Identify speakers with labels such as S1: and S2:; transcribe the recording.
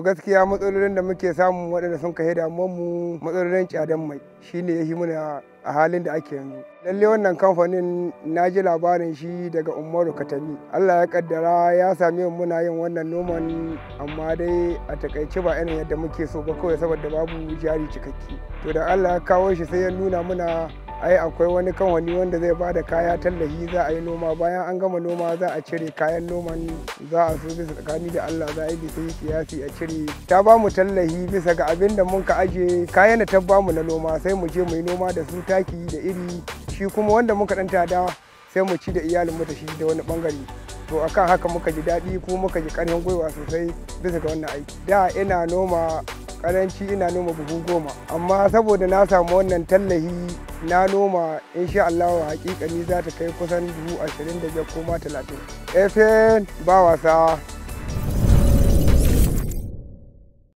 S1: gaskiya matsalolin da muke samu waɗanda sun kai mu matsalolin tsadan mai shine ya muna a halin da ake yanzu lalle wannan kamfanin na ji labarin shi daga umaru katami allah ya kaddara ya same mu muna yin wannan noman amma dai a takaice ba yanayin yadda muke so ba kawai saboda babu jari cikakke to da allah ya kawo shi sai ya nuna muna ai akwai wani kamfani wanda zai ba da kaya tallafi za a yi noma bayan an gama noma za a cire kayan noman za a so bisa tsakani da allah za a yi bisa yi siyasi a cire ta ba mu tallafi bisa ga abin da mun ka aje kayan da ta ba mu na noma sai mu je mu yi noma da su taki da iri shi kuma wanda muka dan tada sai mu ci da iyalin mu da shi da wani bangare to akan haka muka ji daɗi kuma muka ji karfin gwiwa sosai bisa ga wannan aiki da ina noma karanci ina noma buhu goma amma saboda na samu wannan tallahi na noma in sha Allah hakikani za ta kai kusan buhu ashirin da biyar ko ma talatin.
S2: Efen eh, ba wasa